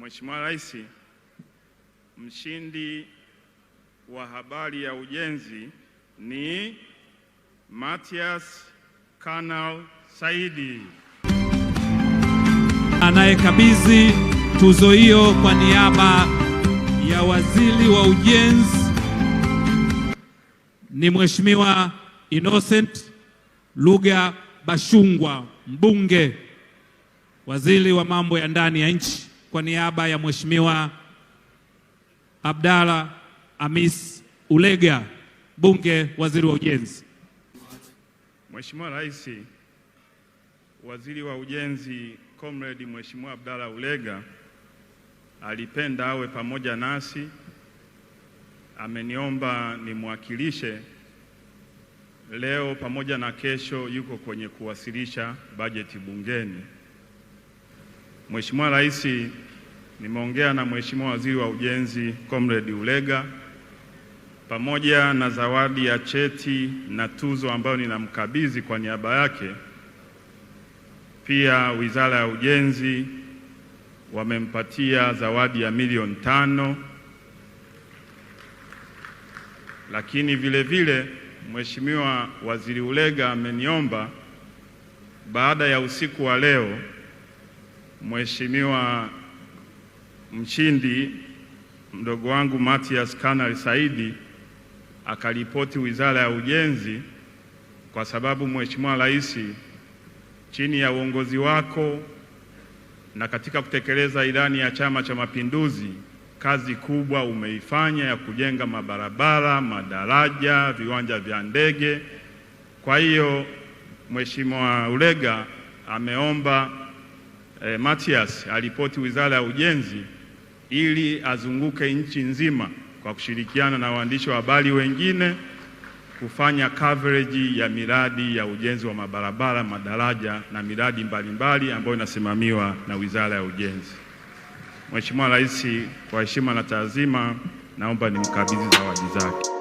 Mheshimiwa Rais, mshindi wa habari ya ujenzi ni Mathias Kanal Saidi. Anayekabidhi tuzo hiyo kwa niaba ya Waziri wa Ujenzi ni Mheshimiwa Innocent Lugha Bashungwa, mbunge, Waziri wa Mambo ya Ndani ya Nchi kwa niaba ya Mheshimiwa Abdalla Hamis Ulega, Bunge, Waziri wa Ujenzi. Mheshimiwa Rais, Waziri wa Ujenzi Comrade Mheshimiwa Abdalla Ulega alipenda awe pamoja nasi, ameniomba nimwakilishe leo pamoja na kesho, yuko kwenye kuwasilisha bajeti bungeni. Mheshimiwa Rais nimeongea na Mheshimiwa Waziri wa Ujenzi Comrade Ulega pamoja na zawadi ya cheti na tuzo ambayo ninamkabidhi kwa niaba yake. Pia Wizara ya Ujenzi wamempatia zawadi ya milioni tano, lakini vile vile Mheshimiwa Waziri Ulega ameniomba baada ya usiku wa leo Mheshimiwa mshindi mdogo wangu matias Kanali Saidi akaripoti Wizara ya Ujenzi, kwa sababu Mheshimiwa Rais, chini ya uongozi wako na katika kutekeleza ilani ya Chama cha Mapinduzi, kazi kubwa umeifanya ya kujenga mabarabara, madaraja, viwanja vya ndege. Kwa hiyo Mheshimiwa Ulega ameomba eh, Matias aripoti Wizara ya Ujenzi ili azunguke nchi nzima kwa kushirikiana na waandishi wa habari wengine kufanya coverage ya miradi ya ujenzi wa mabarabara, madaraja na miradi mbalimbali ambayo inasimamiwa na Wizara ya Ujenzi. Mheshimiwa Rais, kwa heshima na taazima, naomba nimkabidhi zawadi zake.